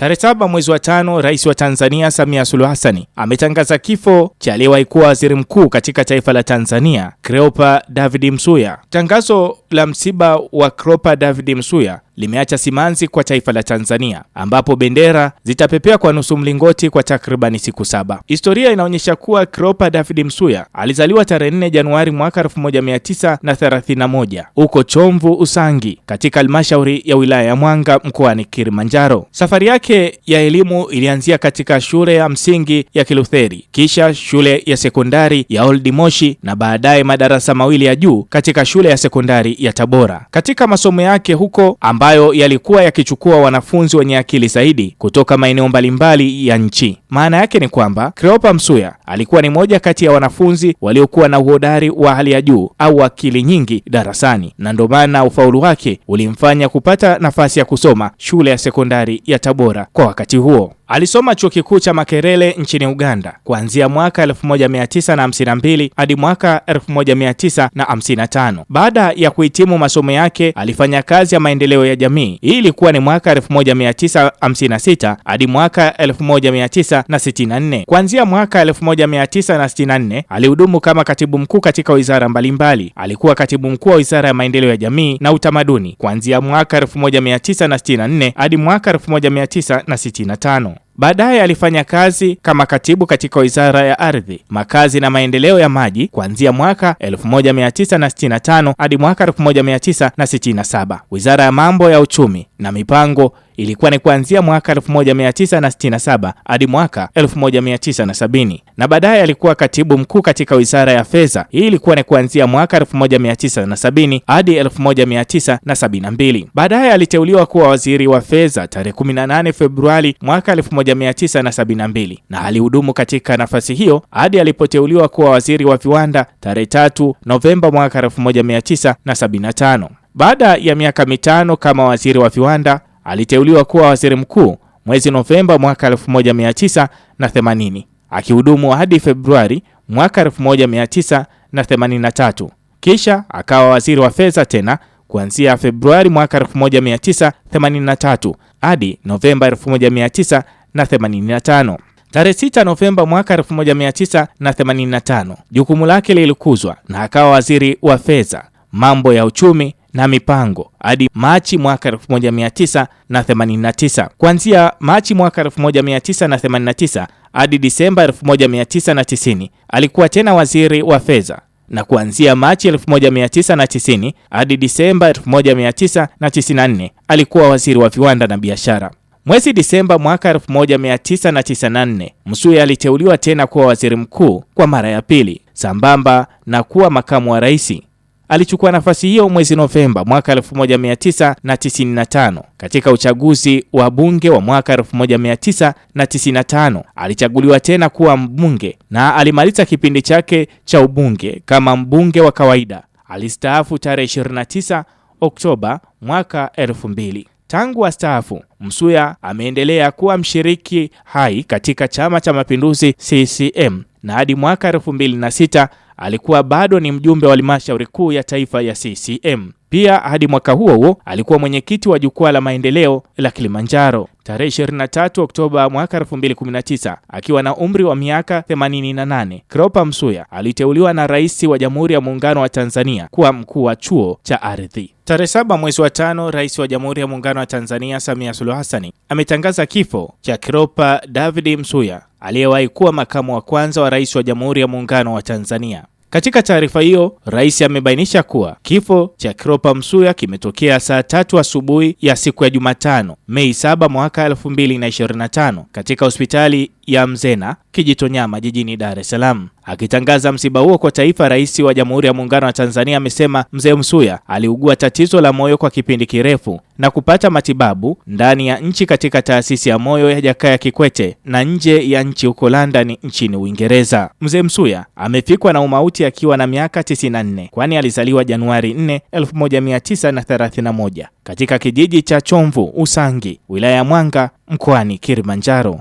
Tarehe saba mwezi wa tano, Rais wa Tanzania Samia Suluhu Hassan ametangaza kifo cha aliyewahi kuwa waziri mkuu katika taifa la Tanzania Cleopa David Msuya. Tangazo la msiba wa Cleopa David Msuya limeacha simanzi kwa taifa la Tanzania ambapo bendera zitapepea kwa nusu mlingoti kwa takribani siku saba. Historia inaonyesha kuwa Cleopa David Msuya alizaliwa tarehe 4 Januari mwaka 1931 huko Chomvu Usangi katika halmashauri ya wilaya ya Mwanga mkoani Kilimanjaro. Safari yake ya elimu ilianzia katika shule ya msingi ya Kilutheri, kisha shule ya sekondari ya Old Moshi na baadaye madarasa mawili ya juu katika shule ya sekondari ya Tabora. Katika masomo yake huko amba ambayo yalikuwa yakichukua wanafunzi wenye akili zaidi kutoka maeneo mbalimbali ya nchi. Maana yake ni kwamba Cleopa Msuya alikuwa ni moja kati ya wanafunzi waliokuwa na uhodari wa hali ya juu au akili nyingi darasani, na ndio maana ufaulu wake ulimfanya kupata nafasi ya kusoma shule ya sekondari ya Tabora kwa wakati huo. Alisoma chuo kikuu cha Makerere nchini Uganda kuanzia mwaka 1952 hadi mwaka 1955. Baada ya kuhitimu masomo yake, alifanya kazi ya maendeleo ya jamii. Hii ilikuwa ni mwaka 1956 hadi mwaka 1964. Kuanzia mwaka 1964 alihudumu kama katibu mkuu katika wizara mbalimbali. Alikuwa katibu mkuu wa wizara ya maendeleo ya jamii na utamaduni kuanzia mwaka 1964 hadi mwaka 1965. Baadaye alifanya kazi kama katibu katika Wizara ya Ardhi, Makazi na Maendeleo ya Maji kuanzia mwaka 1965 hadi mwaka 1967, Wizara ya Mambo ya Uchumi na Mipango ilikuwa ni kuanzia mwaka 1967 hadi mwaka 1970, na baadaye alikuwa katibu mkuu katika wizara ya fedha. Hii ilikuwa ni kuanzia mwaka 1970 hadi 1972. Baadaye aliteuliwa kuwa waziri wa fedha tarehe 18 Februari mwaka 1972, na alihudumu katika nafasi hiyo hadi alipoteuliwa kuwa waziri wa viwanda tarehe 3 Novemba mwaka 1975. Baada ya miaka mitano kama waziri wa viwanda aliteuliwa kuwa waziri mkuu mwezi Novemba mwaka 1980 akihudumu hadi Februari mwaka 1983. Kisha akawa waziri wa fedha tena kuanzia Februari mwaka 1983 hadi Novemba 1985. Tarehe 6 Novemba mwaka 1985, jukumu lake lilikuzwa na akawa waziri wa fedha, mambo ya uchumi na mipango hadi Machi mwaka 1989. Kuanzia Machi mwaka 1989 hadi Disemba 1990 alikuwa tena waziri wa fedha na kuanzia Machi 1990 hadi Disemba 1994 alikuwa waziri wa viwanda na biashara. Mwezi Disemba mwaka 1994 Msuya aliteuliwa tena kuwa waziri mkuu kwa mara ya pili, sambamba na kuwa makamu wa raisi alichukua nafasi hiyo mwezi Novemba mwaka 1995. Katika uchaguzi wa bunge wa mwaka 1995 alichaguliwa tena kuwa mbunge na alimaliza kipindi chake cha ubunge kama mbunge wa kawaida. Alistaafu tarehe 29 Oktoba mwaka 2000. Tangu astaafu, Msuya ameendelea kuwa mshiriki hai katika Chama cha Mapinduzi CCM na hadi mwaka 2006 alikuwa bado ni mjumbe wa halmashauri kuu ya taifa ya CCM. Pia hadi mwaka huo huo alikuwa mwenyekiti wa jukwaa la maendeleo la Kilimanjaro. Tarehe 23 Oktoba mwaka 2019 akiwa na umri wa miaka 88, Cleopa Msuya aliteuliwa na Rais wa Jamhuri ya Muungano wa Tanzania kuwa mkuu wa chuo cha ardhi. Tarehe saba mwezi wa tano, Rais wa Jamhuri ya Muungano wa Tanzania Samia Suluhu Hassan ametangaza kifo cha Cleopa David Msuya aliyewahi kuwa makamu wa kwanza wa rais wa Jamhuri ya Muungano wa Tanzania. Katika taarifa hiyo, rais amebainisha kuwa kifo cha Cleopa Msuya kimetokea saa tatu asubuhi ya siku ya Jumatano, Mei 7 mwaka 2025 katika hospitali ya Mzena Kijitonyama jijini Dar es Salaam. Akitangaza msiba huo kwa taifa, Rais wa Jamhuri ya Muungano wa Tanzania amesema Mzee Msuya aliugua tatizo la moyo kwa kipindi kirefu na kupata matibabu ndani ya nchi katika taasisi ya moyo ya Jakaya Kikwete na nje ya nchi huko London nchini Uingereza. Mzee Msuya amefikwa na umauti akiwa na miaka 94 kwani alizaliwa Januari 4, 1931 katika kijiji cha Chomvu Usangi, wilaya ya Mwanga, mkoani Kilimanjaro.